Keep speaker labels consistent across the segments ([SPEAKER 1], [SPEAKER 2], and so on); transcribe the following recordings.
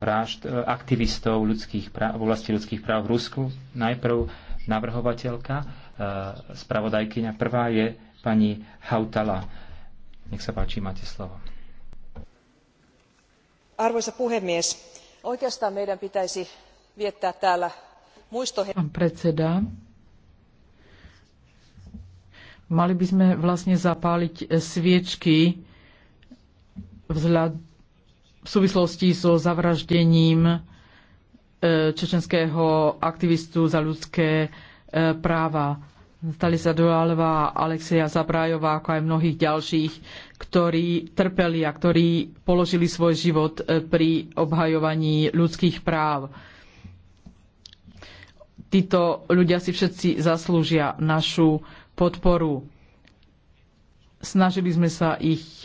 [SPEAKER 1] vražd e, aktivistov ľudských práv, v oblasti ľudských práv v Rusku. Najprv navrhovateľka, e, spravodajkyňa prvá je pani Hautala. Nech sa páči, máte slovo.
[SPEAKER 2] Arvoisa puhemies, oikeastaan meidän pitäisi viettää täällä muistohe... Predseda, mali by sme vlastne zapáliť e, sviečky vzhľad v súvislosti so zavraždením e, čečenského aktivistu za ľudské e, práva Talisa Dualová, Alexia Zabrajová, ako aj mnohých ďalších, ktorí trpeli a ktorí položili svoj život e, pri obhajovaní ľudských práv. Títo ľudia si všetci zaslúžia našu podporu. Snažili sme sa ich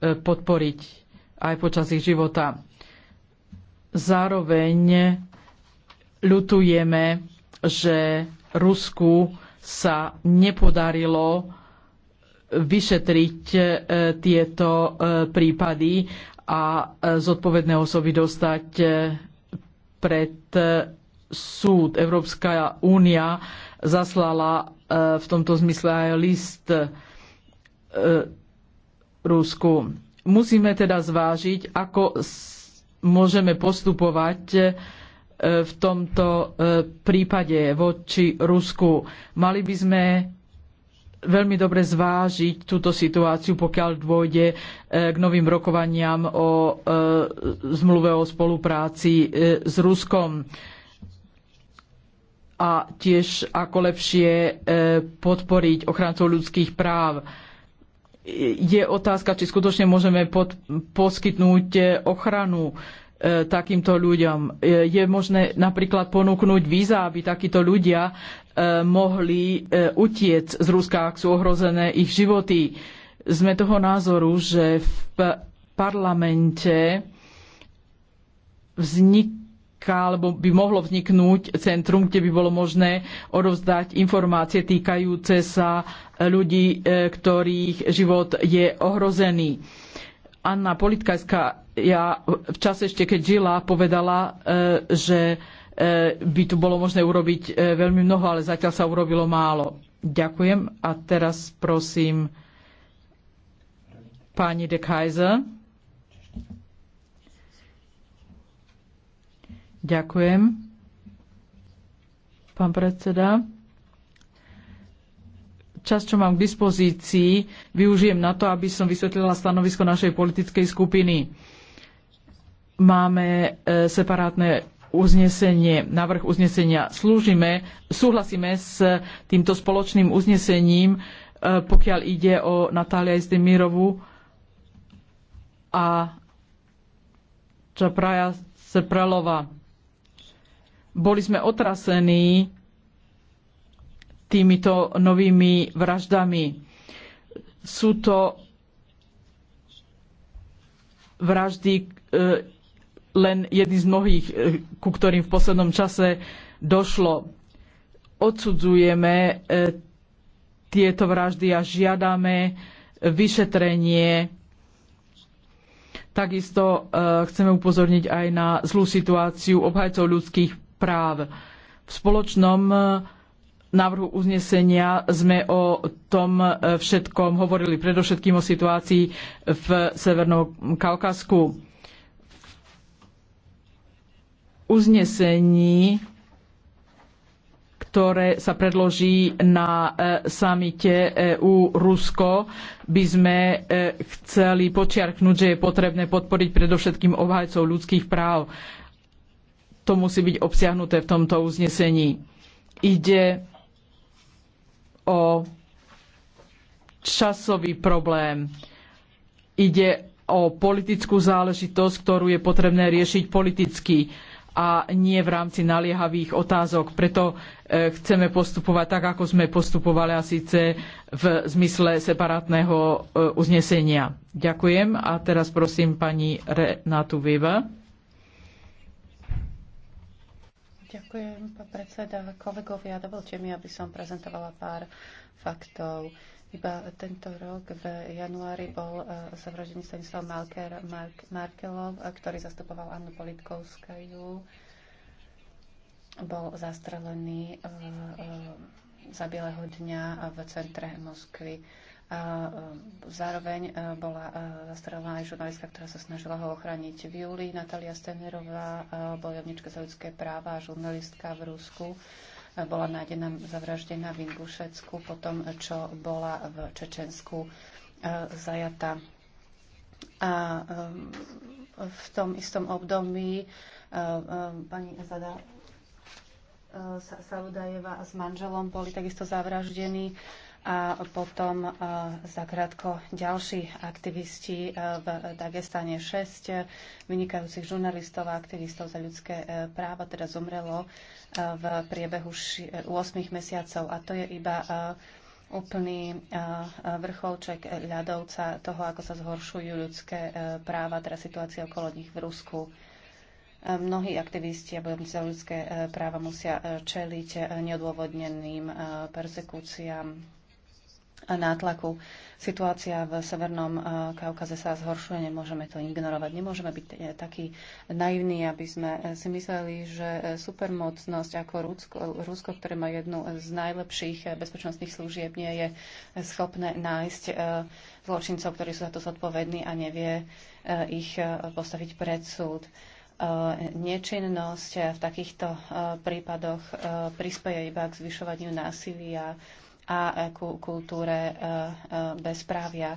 [SPEAKER 2] podporiť aj počas ich života. Zároveň ľutujeme, že Rusku sa nepodarilo vyšetriť e, tieto e, prípady a e, zodpovedné osoby dostať pred súd. Európska únia zaslala v tomto zmysle aj list Rusku Musíme teda zvážiť, ako môžeme postupovať e, v tomto e, prípade voči Rusku. Mali by sme veľmi dobre zvážiť túto situáciu, pokiaľ dôjde e, k novým rokovaniam o zmluve o spolupráci s Ruskom a tiež ako lepšie podporiť ochrancov ľudských práv je otázka, či skutočne môžeme pod, poskytnúť eh, ochranu eh, takýmto ľuďom. Je možné napríklad ponúknuť víza, aby takíto ľudia eh, mohli utiec z Ruska, ak sú ohrozené ich životy. Sme toho názoru, že v parlamente vznik alebo by mohlo vzniknúť centrum, kde by bolo možné odovzdať informácie týkajúce sa e, ľudí, e, ktorých život je ohrozený. Anna Politkajská ja v čase ešte keď žila povedala, e, že by tu bolo možné urobiť veľmi mnoho, ale zatiaľ sa urobilo málo. Ďakujem a teraz prosím pani de Kaiser. Ďakujem. Pán predseda. Čas, čo mám k dispozícii, využijem na to, aby som vysvetlila stanovisko našej politickej skupiny. Máme e, separátne uznesenie, návrh uznesenia. Slúžime, súhlasíme s týmto spoločným uznesením, e, pokiaľ ide o Natália Izdemirovu a Čapraja Seprelova. Boli sme otrasení týmito novými vraždami. Sú to vraždy e, len jedný z mnohých, e, ku ktorým v poslednom čase došlo. Odsudzujeme e, tieto vraždy a žiadame vyšetrenie. Takisto chceme upozorniť aj na zlú situáciu obhajcov ľudských práv. V spoločnom e, návrhu uznesenia sme o tom e, všetkom hovorili predovšetkým o situácii v Severnom Kaukasku. Uznesení, ktoré sa predloží na e, samite EU-Rusko, by sme chceli počiarknúť, že je potrebné podporiť predovšetkým obhajcov ľudských práv to musí byť obsiahnuté v tomto uznesení. Ide o časový problém. Ide o politickú záležitosť, ktorú je potrebné riešiť politicky a nie v rámci naliehavých otázok. Preto e, chceme postupovať tak, ako sme postupovali a síce v zmysle separátneho e, uznesenia. Ďakujem a teraz prosím pani Renátu Weber.
[SPEAKER 3] Ďakujem, pán predseda. Kolegovia, dovolte mi, aby som prezentovala pár faktov. Iba tento rok v januári bol e, zavraždený Stanislav Malker, Mark, Markelov, e, ktorý zastupoval Annu Politkovskajú. Bol zastrelený e, za bieleho dňa v centre Moskvy a e, zároveň e, bola e, zastrelená aj žurnalistka, ktorá sa snažila ho ochrániť v júli. Natalia Stenerová, bojovnička za ľudské práva a žurnalistka v Rusku, bola nájdená zavraždená v Ingušecku po tom, čo bola v Čečensku zajata. A v tom istom období pani Zada Saludajeva s manželom boli takisto zavraždení a potom e, zakrátko ďalší aktivisti e, v Dagestane 6 vynikajúcich žurnalistov a aktivistov za ľudské e, práva teda zomrelo v priebehu 8 mesiacov a to je iba úplný vrcholček ľadovca toho, ako sa zhoršujú ľudské práva, teda situácia okolo nich v Rusku mnohí aktivisti a bojovníci za ľudské práva musia čeliť neodôvodneným persekúciám nátlaku. Situácia v Severnom eh, Kaukaze sa zhoršuje, nemôžeme to ignorovať. Nemôžeme byť eh, takí naivní, aby sme eh, si mysleli, že supermocnosť ako Rusko, Rusko ktoré má jednu z najlepších bezpečnostných služieb, nie je schopné nájsť zločincov, ktorí sú za to zodpovední a nevie ich postaviť pred súd nečinnosť v takýchto prípadoch prispieje iba k zvyšovaniu násilia a e, ku kultúre e, e, bezprávia.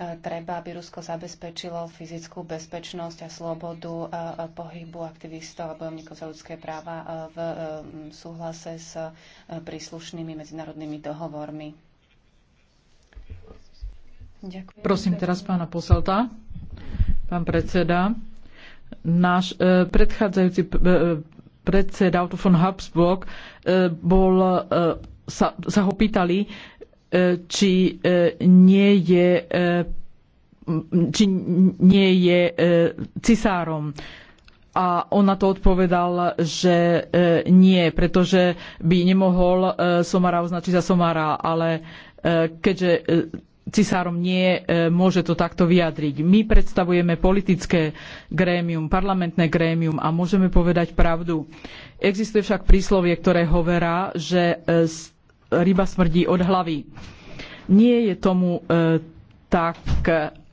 [SPEAKER 3] Treba, aby Rusko zabezpečilo fyzickú bezpečnosť a slobodu pohybu aktivistov a bojovníkov za ľudské práva v súhlase s príslušnými medzinárodnými dohovormi. Ďakujem. Prosím
[SPEAKER 2] teraz pána Poselta, pán predseda. Náš predchádzajúci predseda Otto von Habsburg bol sa, sa ho pýtali, e, e, e, či nie je či nie je cisárom. A on na to odpovedal, že nie, pretože by nemohol Somara označiť za Somara, ale keďže cisárom nie, môže to takto vyjadriť. My predstavujeme politické grémium, parlamentné grémium a môžeme povedať pravdu. Existuje však príslovie, ktoré hovorá, že ryba smrdí od hlavy. Nie je tomu e, tak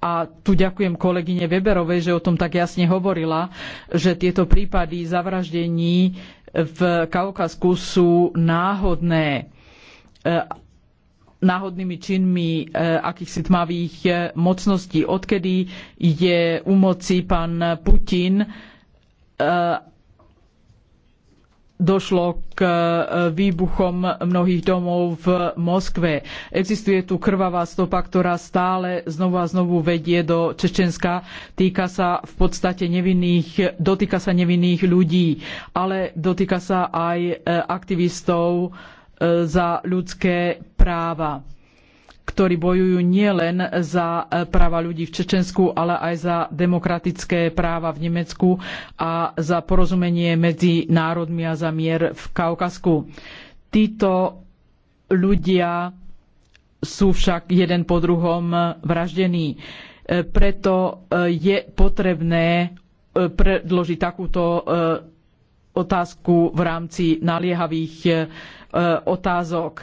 [SPEAKER 2] a tu ďakujem kolegyne Weberovej, že o tom tak jasne hovorila, že tieto prípady zavraždení v Kaukasku sú náhodné e, náhodnými činmi e, akýchsi tmavých e, mocností. Odkedy je u moci pán Putin došlo k e, výbuchom mnohých domov v Moskve. Existuje tu krvavá stopa, ktorá stále znovu a znovu vedie do Čečenska. Týka sa v podstate nevinných, dotýka sa nevinných ľudí, ale dotýka sa aj e, aktivistov e, za ľudské práva ktorí bojujú nielen za eh, práva ľudí v Čečensku, ale aj za demokratické práva v Nemecku a za porozumenie medzi národmi a za mier v Kaukasku. Títo ľudia sú však jeden po druhom eh, vraždení. Eh, preto je potrebné predložiť takúto otázku v rámci naliehavých otázok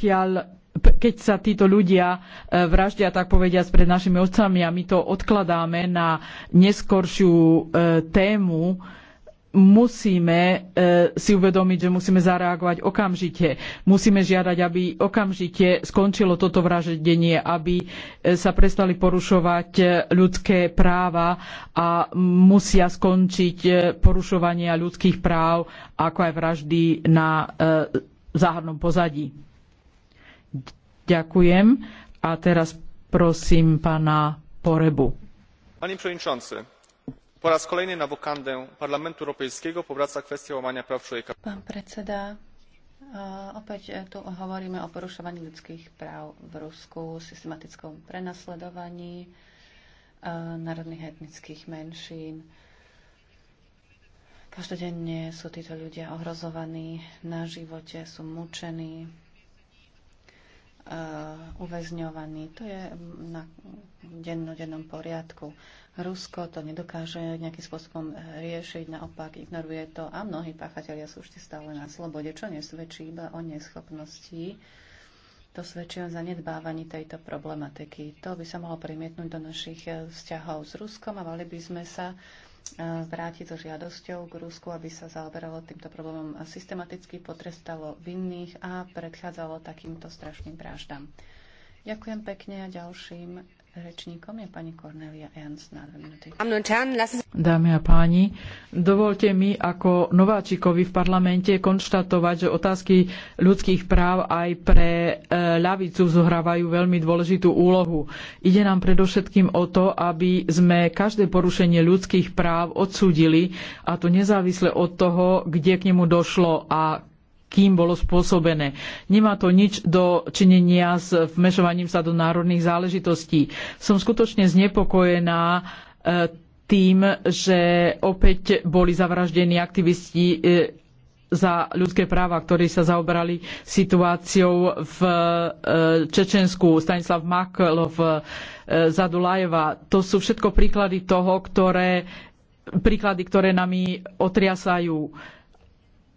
[SPEAKER 2] pokiaľ keď sa títo ľudia e, vraždia, tak povediať, pred našimi očami a my to odkladáme na neskoršiu e, tému, musíme e, si uvedomiť, že musíme zareagovať okamžite. Musíme žiadať, aby okamžite skončilo toto vraždenie, aby sa prestali porušovať ľudské práva a musia skončiť porušovania ľudských práv, ako aj vraždy na záhadnom pozadí. Ďakujem. A teraz prosím pana Porebu.
[SPEAKER 1] Panie przewodniczący, po raz kolejny na wokandę Parlamentu Europejskiego powraca kwestia łamania
[SPEAKER 3] praw człowieka. Pan predseda, e, opäť e, tu hovoríme o porušovaní ľudských práv v Rusku, systematickom prenasledovaní e, národných etnických menšín. Každodenne sú títo ľudia ohrozovaní na živote, sú mučení, Eh, uväzňovaní. To je na dennodennom poriadku. Rusko to nedokáže nejakým spôsobom eh, riešiť, naopak ignoruje to a mnohí páchatelia sú ešte stále na slobode, čo nesvedčí iba o neschopnosti. To svedčí o zanedbávaní tejto problematiky. To by sa mohlo primietnúť do našich eh, vzťahov s Ruskom a mali by sme sa uh, E, vrátiť so žiadosťou k Rusku, aby sa zaoberalo týmto problémom systematicky, potrestalo vinných a predchádzalo takýmto strašným vraždám. Ďakujem pekne a ďalším Rečníkom je pani Cornelia Ernst na
[SPEAKER 2] minúty. Dámy a páni, dovolte mi ako nováčikovi v parlamente konštatovať, že otázky ľudských práv aj pre e, ľavicu zohrávajú veľmi dôležitú úlohu. Ide nám predovšetkým o to, aby sme každé porušenie ľudských práv odsúdili a to nezávisle od toho, kde k nemu došlo a kým bolo spôsobené. Nemá to nič do činenia s vmešovaním sa do národných záležitostí. Som skutočne znepokojená e, tým, že opäť boli zavraždení aktivisti e, za ľudské práva, ktorí sa zaoberali situáciou v e, Čečensku, Stanislav Maklov, Zadulajeva. To sú všetko príklady toho, ktoré, príklady, ktoré nami otriasajú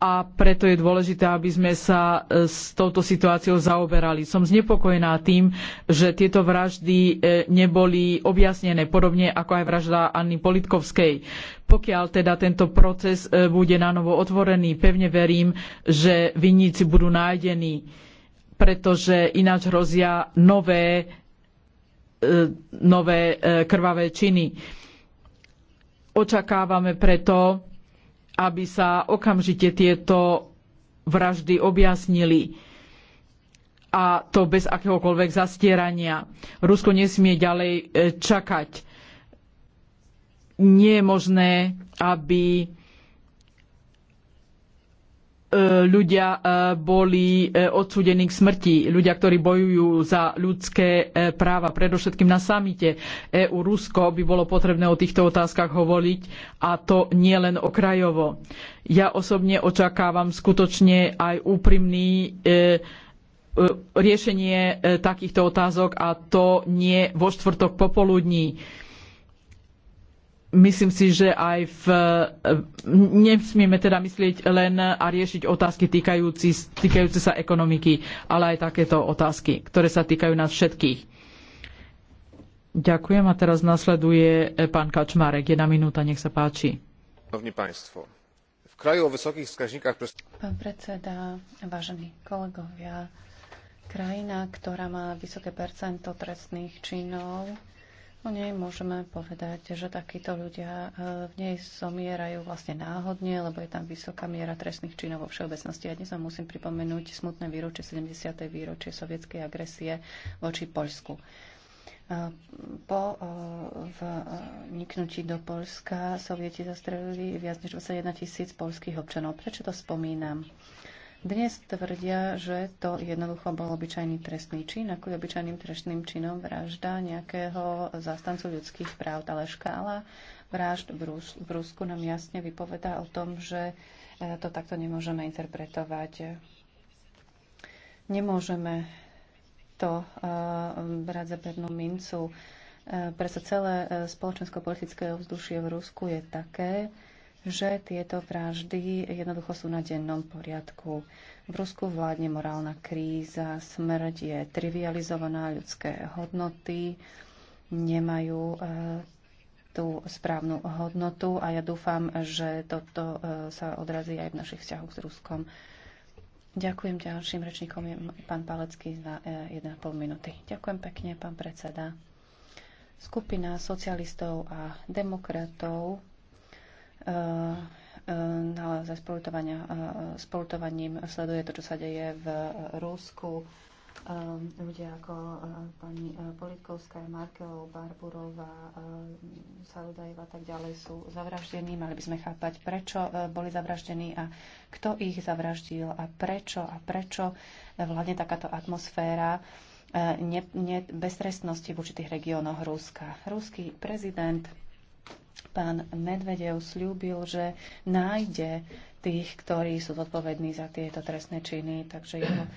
[SPEAKER 2] a preto je dôležité, aby sme sa e, s touto situáciou zaoberali. Som znepokojená tým, že tieto vraždy e, neboli objasnené, podobne ako aj vražda Anny Politkovskej. Pokiaľ teda tento proces e, bude nanovo otvorený, pevne verím, že vinníci budú nájdení, pretože ináč hrozia nové, nové krvavé činy. Očakávame preto, aby sa okamžite tieto vraždy objasnili a to bez akéhokoľvek zastierania. Rusko nesmie ďalej e, čakať. Nie je možné, aby E, ľudia e, boli e, odsúdení k smrti, ľudia, ktorí bojujú za ľudské práva, predovšetkým na samite EU-Rusko by bolo potrebné o týchto otázkach hovoriť a to nie len okrajovo. Ja osobne očakávam skutočne aj úprimný riešenie takýchto otázok a to nie vo štvrtok popoludní myslím si, že aj v, eh, nesmieme teda myslieť len a riešiť otázky týkajúci, týkajúce sa ekonomiky, ale aj takéto otázky, ktoré sa týkajú nás všetkých. Ďakujem a teraz nasleduje eh, pán Kačmarek. Jedna minúta, nech sa páči.
[SPEAKER 3] Pán predseda, vážení kolegovia, krajina, ktorá má vysoké percento trestných činov, O nej môžeme povedať, že takíto ľudia e, v nej somierajú vlastne náhodne, lebo je tam vysoká miera trestných činov vo všeobecnosti. Ja dnes vám musím pripomenúť smutné výročie 70. výročie sovietskej agresie voči Poľsku. E, po e, vniknutí do Polska sovieti zastrelili viac než 21 tisíc polských občanov. Prečo to spomínam? Dnes tvrdia, že to jednoducho bol obyčajný trestný čin, ako je obyčajným trestným činom vražda nejakého zastancu ľudských práv. Ale škála vražd v, Rus- v Rusku nám jasne vypovedá o tom, že e, to takto nemôžeme interpretovať. Nemôžeme to uh, brať za pevnú mincu. Uh, e, preto celé spoločensko-politické vzdušie v Rusku je také, že tieto vraždy jednoducho sú na dennom poriadku. V Rusku vládne morálna kríza, smrť je trivializovaná, ľudské hodnoty nemajú e, tú správnu hodnotu a ja dúfam, že toto e, sa odrazí aj v našich vzťahoch s Ruskom. Ďakujem ďalším rečníkom, je pán Palecký za e, 1,5 minúty. Ďakujem pekne, pán predseda. Skupina socialistov a demokratov Eh, eh, za eh, spolutovaním sleduje to, čo sa deje v Rusku. Ľudia ako pani Politkovská, Markel, Barburová, Saludajeva a tak ďalej sú zavraždení. Mali by sme chápať, prečo boli zavraždení a kto ich zavraždil a prečo a prečo vládne takáto atmosféra ne, ne, v určitých regiónoch Ruska. Ruský prezident Pán Medvedev slúbil, že nájde tých, ktorí sú zodpovední za tieto trestné činy, takže jeho e,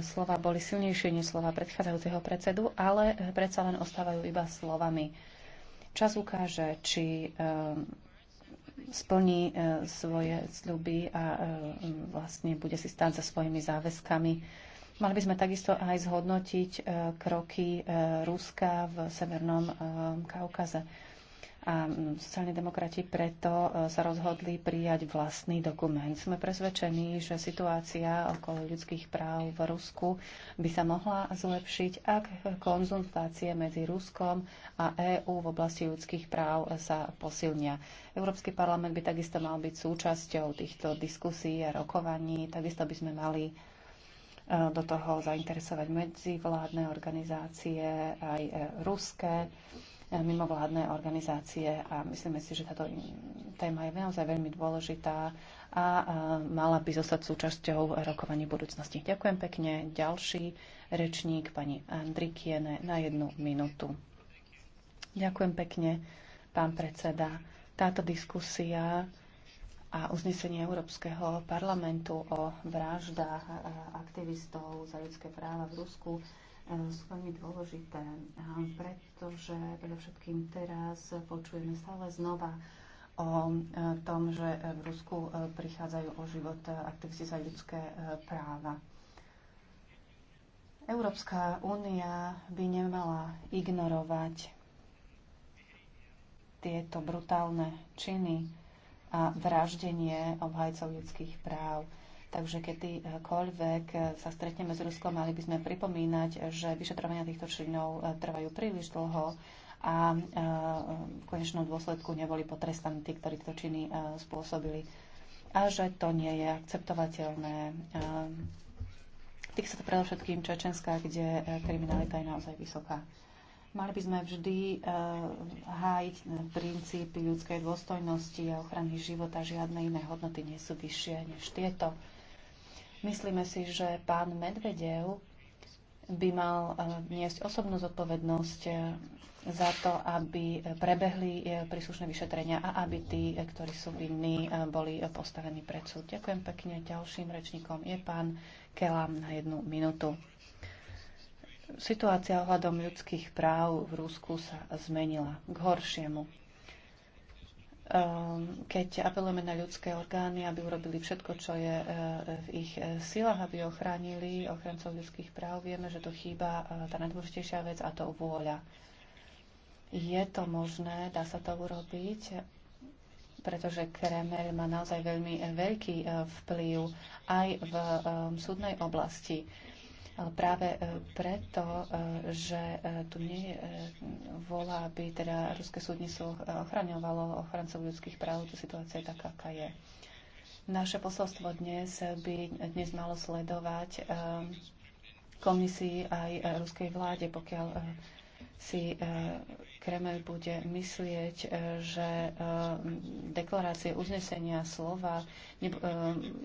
[SPEAKER 3] slova boli silnejšie než slova predchádzajúceho predsedu, ale e, predsa len ostávajú iba slovami. Čas ukáže, či e, splní svoje sľuby a vlastne bude si stáť za svojimi záväzkami. Mali by sme takisto aj zhodnotiť kroky Ruska v Severnom Kaukaze. A sociálni demokrati preto e, sa rozhodli prijať vlastný dokument. Sme presvedčení, že situácia okolo ľudských práv v Rusku by sa mohla zlepšiť, ak konzultácie medzi Ruskom a EÚ v oblasti ľudských práv sa posilnia. Európsky parlament by takisto mal byť súčasťou týchto diskusí a rokovaní. Takisto by sme mali e, do toho zainteresovať medzivládne organizácie, aj e, ruské mimovládne organizácie a myslíme si, že táto téma je naozaj veľmi dôležitá a mala by zostať súčasťou rokovaní budúcnosti. Ďakujem pekne. Ďalší rečník, pani Andrikiene, na jednu minútu. Ďakujem pekne, pán predseda. Táto diskusia a uznesenie Európskeho parlamentu o vraždách aktivistov za ľudské práva v Rusku sú veľmi dôležité, pretože predovšetkým teraz počujeme stále znova o e, tom, že v Rusku e, prichádzajú o život aktivisti za ľudské e, práva. Európska únia by nemala ignorovať tieto brutálne činy a vraždenie obhajcov ľudských práv. Takže kedykoľvek sa stretneme s Ruskom, mali by sme pripomínať, že vyšetrovania týchto činov eh, trvajú príliš dlho a eh, v konečnom dôsledku neboli potrestaní tí, ktorí tieto činy eh, spôsobili a že to nie je akceptovateľné. Tých sa to predovšetkým Čečenská, kde kriminalita je naozaj vysoká. Mali by sme vždy hájiť princípy ľudskej dôstojnosti a ochrany života. Žiadne iné hodnoty nie sú vyššie než tieto. Myslíme si, že pán Medvedev by mal eh, niesť osobnú zodpovednosť eh, za to, aby prebehli eh, príslušné vyšetrenia a aby tí, ktorí sú vinní, boli postavení pred súd. Ďakujem pekne. Ďalším rečníkom je pán Kelam na jednu minútu. Situácia ohľadom ľudských práv v Rusku sa zmenila k horšiemu Um, keď apelujeme na ľudské orgány, aby urobili všetko, čo je uh, v ich uh, silách, aby ochránili ochrancov ľudských práv, vieme, že to chýba uh, tá najdôležitejšia vec a to vôľa. Je to možné, dá sa to urobiť, pretože Kreml má naozaj veľmi veľký vplyv aj v um, súdnej oblasti. Ale práve e, preto, e, že e, tu nie je vola, aby teda ruské súdnictvo ochraňovalo ochrancov ľudských práv, tu situácia je taká, aká je. Naše posolstvo dnes by dnes malo sledovať komisii aj ruskej vláde, pokiaľ si eh, Kreml bude myslieť, eh, že eh, deklarácie, uznesenia, slova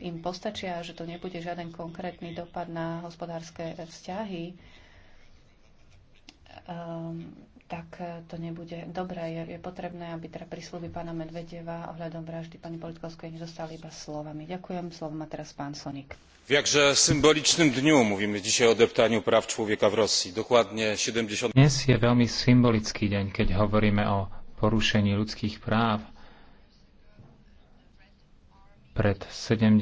[SPEAKER 3] im postačia, že to nebude žiaden konkrétny dopad na hospodárske vzťahy, ehm, tak e, to nebude dobré. Je, je potrebné, aby teda prísluby pána Medvedeva ohľadom vraždy pani Politkovskej nezostali iba slovami. Ďakujem. Slovo má teraz pán Sonik.
[SPEAKER 1] V jakže symbolicznym dňu mluvíme dzisiaj o deptaniu práv človeka v Rosji. Dokladne 70... Dnes je veľmi symbolický deň, keď hovoríme o porušení ľudských práv pred 70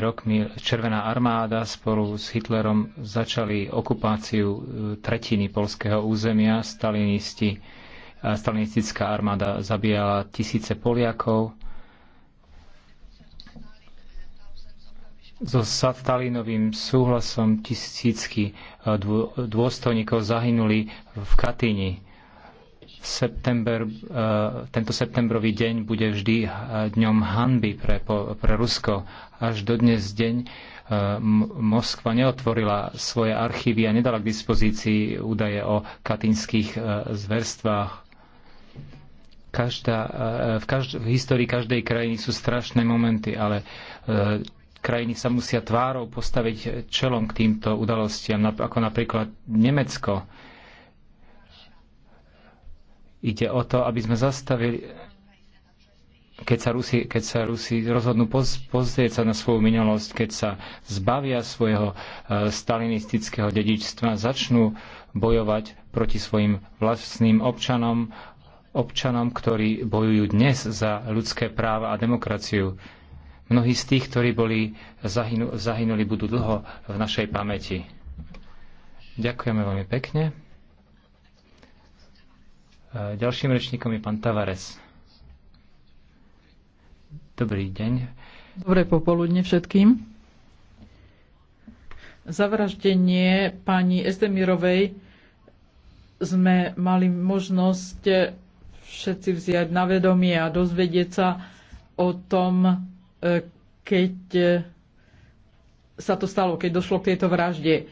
[SPEAKER 1] rokmi Červená armáda spolu s Hitlerom začali okupáciu e, tretiny polského územia. Stalinisti, e, stalinistická armáda zabíjala tisíce Poliakov. So Stalinovým súhlasom tisícky e, dôstojníkov zahynuli v Katyni September, eh, tento septembrový deň bude vždy eh, dňom hanby pre, pre Rusko. Až do dnes deň eh, Moskva neotvorila svoje archívy a nedala k dispozícii údaje o katinských zverstvách každá, v, každ- v histórii každej krajiny sú strašné momenty, ale e, krajiny sa musia tvárou postaviť čelom k týmto udalostiam, ako napríklad Nemecko. E, Ide o to, aby sme zastavili, keď sa Rusi, keď sa Rusi rozhodnú poz, pozrieť sa na svoju minulosť, keď sa zbavia svojho e, stalinistického dedičstva, začnú bojovať proti svojim vlastným občanom, občanom, ktorí bojujú dnes za ľudské práva a demokraciu. Mnohí z tých, ktorí boli zahynuli, budú dlho v našej pamäti. Ďakujeme veľmi pekne. E, ďalším rečníkom je pán Tavares. Dobrý deň.
[SPEAKER 2] Dobré popoludne všetkým. Zavraždenie pani Estemirovej sme mali možnosť všetci vziať na vedomie a dozvedieť sa o tom, e, keď e, sa to stalo, keď došlo k tejto vražde.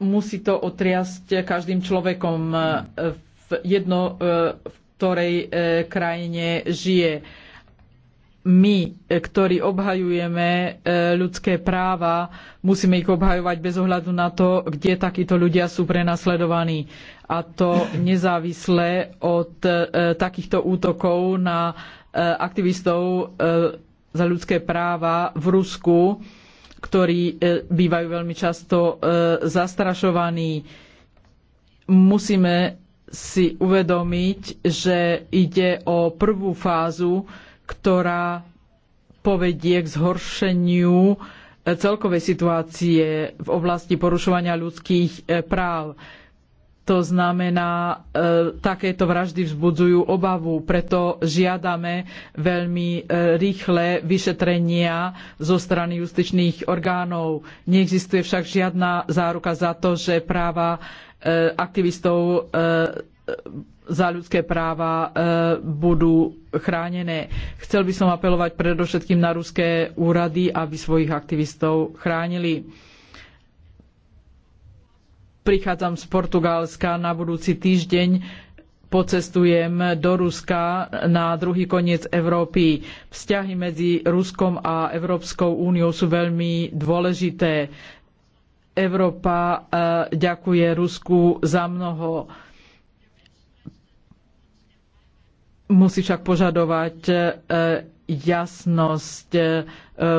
[SPEAKER 2] Musí to otriasť každým človekom v jedno e, v ktorej e, krajine žije. My, e, ktorí obhajujeme ľudské práva, musíme ich obhajovať bez ohľadu na to, kde takíto ľudia sú prenasledovaní. A to nezávisle od takýchto útokov na aktivistov za ľudské práva v Rusku, ktorí bývajú veľmi často zastrašovaní. Musíme si uvedomiť, že ide o prvú fázu, ktorá povedie k zhoršeniu e, celkovej situácie v oblasti porušovania ľudských e, práv. To znamená, e, takéto vraždy vzbudzujú obavu, preto žiadame veľmi rýchle vyšetrenia zo strany justičných orgánov. Neexistuje však žiadna záruka za to, že práva Eh, aktivistov eh, za ľudské práva eh, budú chránené. Chcel by som apelovať predovšetkým na ruské úrady, aby svojich aktivistov chránili. Prichádzam z Portugalska na budúci týždeň pocestujem do Ruska na druhý koniec Európy. Vzťahy medzi Ruskom a Európskou úniou sú veľmi dôležité. Európa e, ďakuje Rusku za mnoho. Musí však požadovať e, jasnosť e,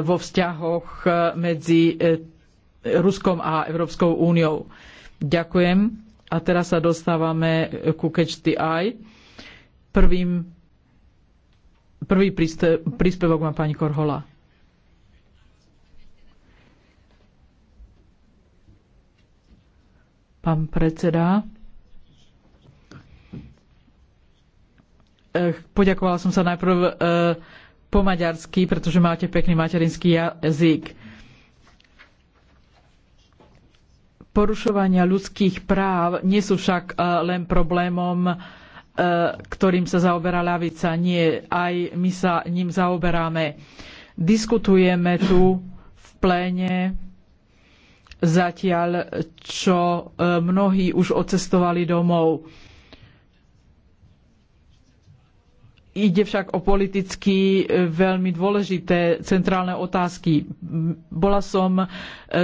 [SPEAKER 2] vo vzťahoch medzi Ruskom a Európskou úniou. Ďakujem. A teraz sa dostávame ku Catch the Eye. Prvým, prvý príspevok má pani Korhola. Pán predseda, e, poďakovala som sa najprv e, po maďarsky, pretože máte pekný materinský jazyk. Porušovania ľudských práv nie sú však e, len problémom, ktorým sa zaoberá ľavica. Nie, aj my sa ním zaoberáme. Diskutujeme tu v pléne zatiaľ čo e, mnohí už odcestovali domov. Ide však o politicky e, veľmi dôležité centrálne otázky. Bola som e,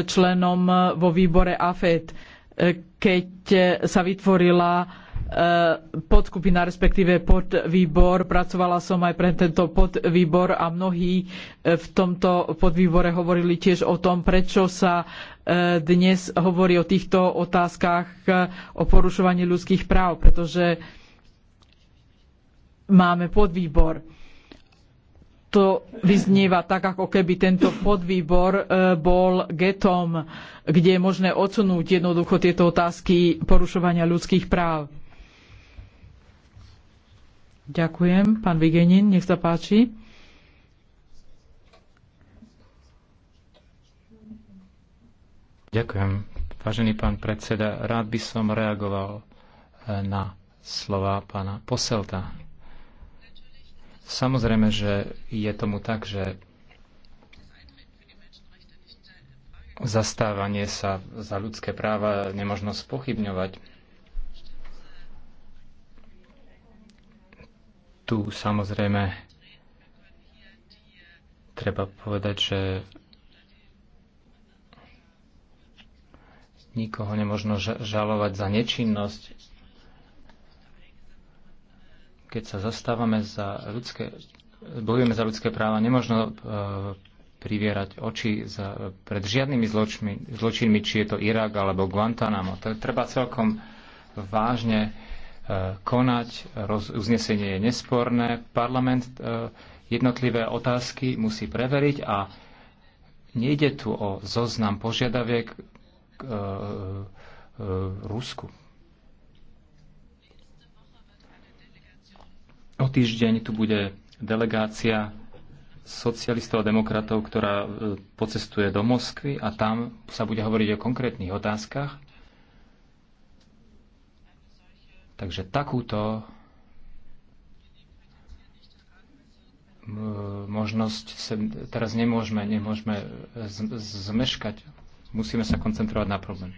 [SPEAKER 2] členom vo výbore AFED, keď sa vytvorila Eh, podskupina, respektíve podvýbor. Pracovala som aj pre tento podvýbor a mnohí eh, v tomto podvýbore hovorili tiež o tom, prečo sa eh, dnes hovorí o týchto otázkach o porušovaní ľudských práv, pretože máme podvýbor. To vyznieva tak, ako keby tento podvýbor bol getom, kde je možné odsunúť jednoducho tieto otázky porušovania ľudských práv Ďakujem. Pán Vigenin, nech sa páči.
[SPEAKER 1] Ďakujem. Vážený pán predseda, rád by som reagoval e, na slova pána Poselta. Samozrejme, že je tomu tak, že zastávanie sa za ľudské práva nemožno spochybňovať tu samozrejme treba povedať, že nikoho nemožno žalovať za nečinnosť. Keď sa zastávame za ľudské, bojujeme za ľudské práva, nemožno e, privierať oči za, pred žiadnymi zločmi, zločinmi, či je to Irak alebo Guantanamo. To treba celkom vážne konať. Uznesenie je nesporné. Parlament e, jednotlivé otázky musí preveriť a nejde tu o zoznam požiadaviek k e, e, Rusku. O týždeň tu bude delegácia socialistov a demokratov, ktorá pocestuje do Moskvy a tam sa bude hovoriť o konkrétnych otázkach. Takže takúto možnosť se teraz nemôžeme, nemôžeme zmeškať. Musíme sa koncentrovať na problém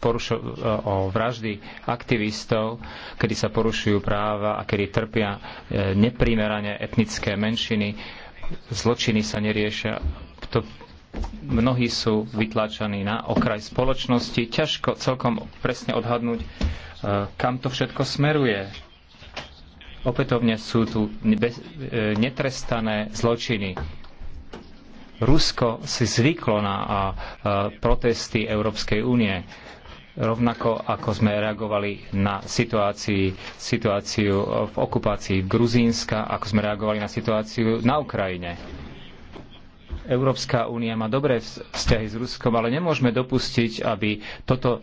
[SPEAKER 1] porušo- o vraždy aktivistov, kedy sa porušujú práva a kedy trpia e, neprimerane etnické menšiny. Zločiny sa neriešia. To mnohí sú vytláčaní na okraj spoločnosti. Ťažko celkom presne odhadnúť, e, kam to všetko smeruje. Opätovne sú tu e, netrestané zločiny. Rusko si zvyklo na protesty Európskej únie rovnako ako sme reagovali na situácii, situáciu v okupácii Gruzínska, ako sme reagovali na situáciu na Ukrajine. Európska únia má dobré vzťahy s Ruskom, ale nemôžeme dopustiť, aby toto e,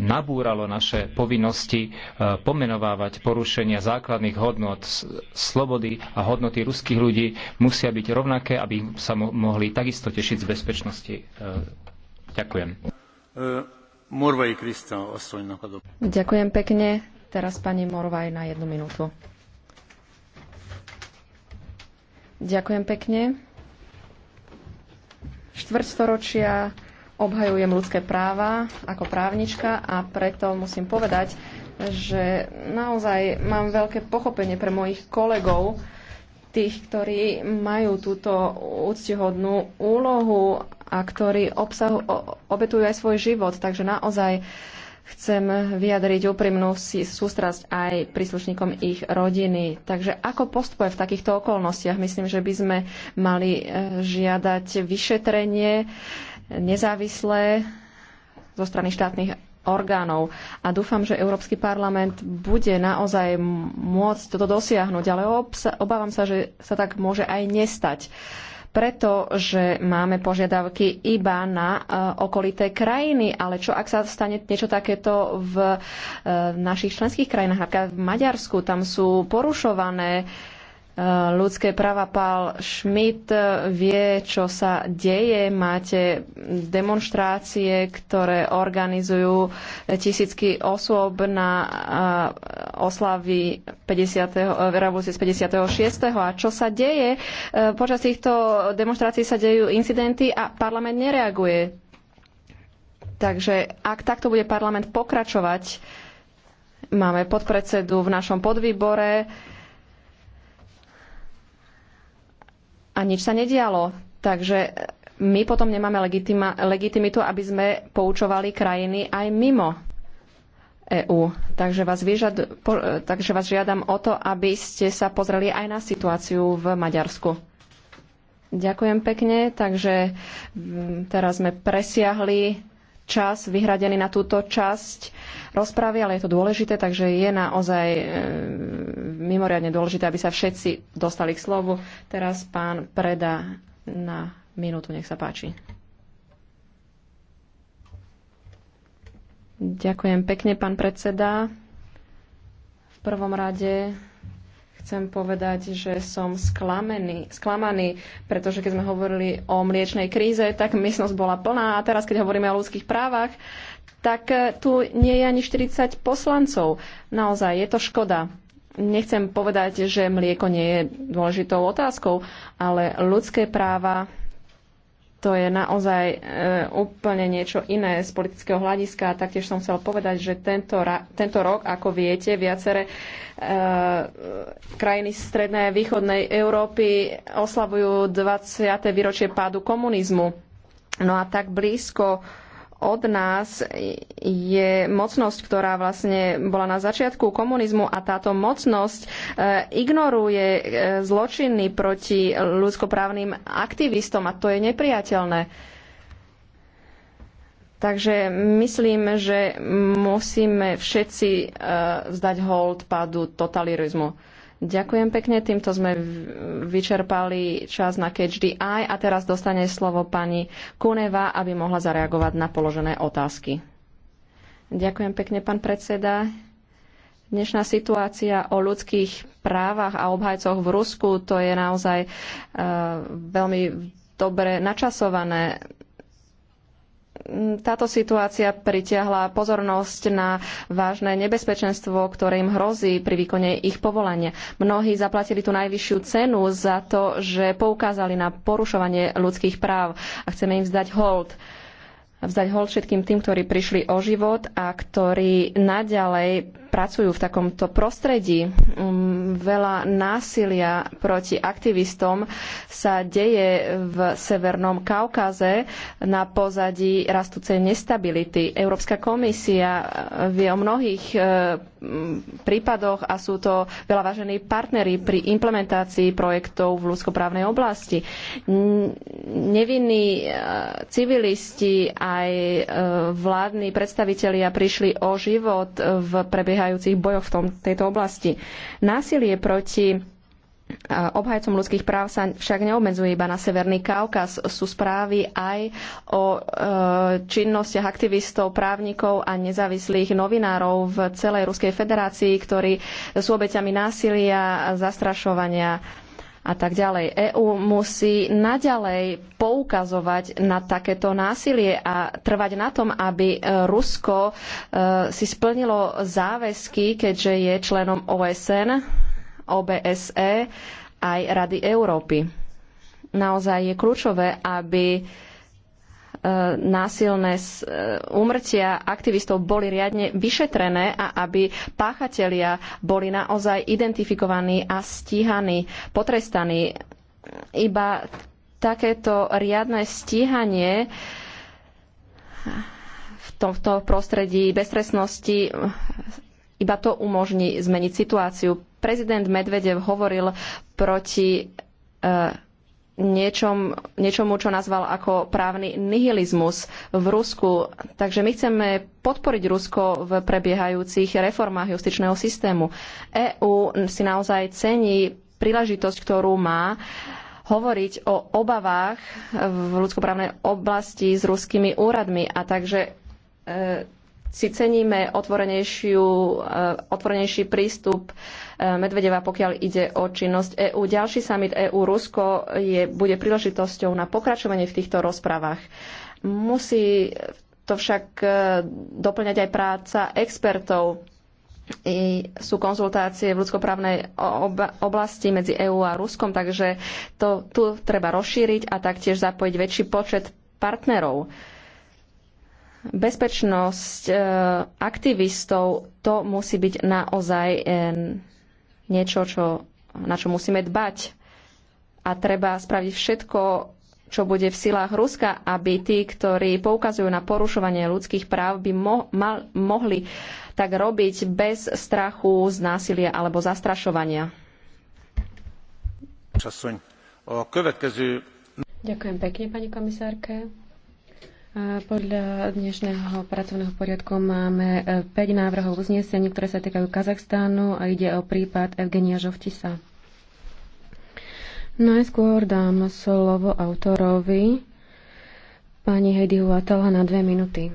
[SPEAKER 1] nabúralo naše povinnosti e, pomenovávať porušenia základných hodnot slobody a hodnoty ruských ľudí musia byť rovnaké, aby sa mohli takisto tešiť z bezpečnosti. E,
[SPEAKER 4] ďakujem.
[SPEAKER 5] Ďakujem pekne. Teraz pani Morvaj na jednu minútu. Ďakujem pekne. Štvrťstoročia obhajujem ľudské práva ako právnička a preto musím povedať, že naozaj mám veľké pochopenie pre mojich kolegov, tých, ktorí majú túto úctihodnú úlohu a ktorí obsahu, obetujú aj svoj život. Takže naozaj chcem vyjadriť úprimnú sústrasť aj príslušníkom ich rodiny. Takže ako postupuje v takýchto okolnostiach? Myslím, že by sme mali e, žiadať vyšetrenie nezávislé zo strany štátnych orgánov. A dúfam, že Európsky parlament bude naozaj môcť toto dosiahnuť, ale obávam sa, že sa tak môže aj nestať. Uh, pretože máme požiadavky iba na e, okolité krajiny. Ale čo ak sa stane niečo takéto v e, našich členských krajinách, napríklad v Maďarsku, tam sú porušované Eh, ľudské práva Pál Schmidt eh, vie, čo sa deje. Máte demonstrácie, ktoré organizujú tisícky osôb na eh, oslavy 50. revolúcie z 56. A čo sa deje? Počas týchto demonstrácií sa dejú incidenty a parlament nereaguje. Takže ak takto bude parlament pokračovať, máme podpredsedu v našom podvýbore, a nič sa nedialo. Takže my potom nemáme legitima, legitimitu, aby sme poučovali krajiny aj mimo EÚ. Takže vás, takže vás žiadam o to, aby ste sa pozreli aj na situáciu v Maďarsku. Ďakujem pekne. Takže mm, teraz sme presiahli čas vyhradený na túto časť rozpravy, ale je to dôležité, takže je naozaj e, mimoriadne dôležité, aby sa všetci dostali k slovu. Teraz pán Preda na minútu, nech sa páči. Ďakujem pekne, pán predseda. V prvom rade chcem povedať, že som sklamený, sklamaný, pretože keď sme hovorili o mliečnej kríze, tak miestnosť bola plná a teraz, keď hovoríme o ľudských právach, tak tu nie je ani 40 poslancov. Naozaj, je to škoda. Nechcem povedať, že mlieko nie je dôležitou otázkou, ale ľudské práva to je naozaj e, úplne niečo iné z politického hľadiska. Taktiež som chcel povedať, že tento, ra, tento rok, ako viete, viaceré e, krajiny strednej a východnej Európy oslavujú 20. výročie pádu komunizmu. No a tak blízko e, od nás je mocnosť, ktorá vlastne bola na začiatku komunizmu a táto mocnosť e, ignoruje e, zločiny proti ľudskoprávnym aktivistom a to je nepriateľné. Takže myslím, že musíme všetci e, vzdať hold pádu totalitarizmu. Ďakujem pekne, týmto sme vyčerpali čas na KHDI a teraz dostane slovo pani Kuneva, aby mohla zareagovať na položené otázky. Ďakujem pekne, pán predseda. Dnešná situácia o ľudských právach a obhajcoch v Rusku, to je naozaj uh, veľmi dobre načasované táto situácia pritiahla pozornosť na vážne nebezpečenstvo, ktoré im hrozí pri výkone ich povolania. Mnohí zaplatili tú najvyššiu cenu za to, že poukázali na porušovanie ľudských práv a chceme im vzdať hold vzdať hold všetkým tým, ktorí prišli o život a ktorí naďalej pracujú v takomto prostredí. Um, veľa násilia proti aktivistom sa deje v Severnom Kaukaze na pozadí rastúcej nestability. Európska komisia vie o mnohých eh, prípadoch a sú to veľa vážení partnery pri implementácii projektov v ľudskoprávnej oblasti. Nevinní eh, civilisti aj eh, vládni predstavitelia prišli o život v prebiehajúcich prebiehajúcich bojoch v tom, tejto oblasti. Násilie proti e, Obhajcom ľudských práv sa však neobmedzuje iba na Severný Kaukaz. Sú správy aj o e, činnostiach aktivistov, právnikov a nezávislých novinárov v celej Ruskej federácii, ktorí sú obeťami násilia, zastrašovania a tak ďalej. EÚ musí naďalej poukazovať na takéto násilie a trvať na tom, aby e, Rusko e, si splnilo záväzky, keďže je členom OSN, OBSE aj Rady Európy. Naozaj je kľúčové, aby E, násilné úmrtia e, aktivistov boli riadne vyšetrené a aby páchatelia boli naozaj identifikovaní a stíhaní, potrestaní. Iba takéto riadne stíhanie v tomto prostredí beztrestnosti iba to umožní zmeniť situáciu. Prezident Medvedev hovoril proti e, niečom, niečomu, čo nazval ako právny nihilizmus v Rusku. Takže my chceme podporiť Rusko v prebiehajúcich reformách justičného systému. EÚ si naozaj cení príležitosť, ktorú má hovoriť o obavách v ľudskoprávnej oblasti s ruskými úradmi. A takže e, si ceníme eh, otvorenejší prístup eh, Medvedeva, pokiaľ ide o činnosť EÚ. Ďalší summit EÚ-Rusko bude príležitosťou na pokračovanie v týchto rozprávach. Musí to však eh, doplňať aj práca expertov. I sú konzultácie v ľudskoprávnej oblasti medzi EÚ a Ruskom, takže to tu treba rozšíriť a taktiež zapojiť väčší počet partnerov bezpečnosť e, aktivistov, to musí byť naozaj e, niečo, čo, na čo musíme dbať. A treba spraviť všetko, čo bude v silách Ruska, aby tí, ktorí poukazujú na porušovanie ľudských práv, by mo- mal- mohli tak robiť bez strachu z násilia alebo zastrašovania. Ďakujem pekne, pani komisárke. Podľa dnešného pracovného poriadku máme 5 e, návrhov uznesení, ktoré sa týkajú Kazachstánu a ide o prípad Evgenia Žovtisa. Najskôr dám slovo autorovi pani Heidi Huatala na dve minúty.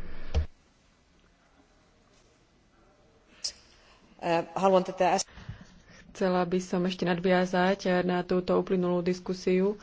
[SPEAKER 2] E, Chcela by som ešte nadviazať na túto uplynulú diskusiu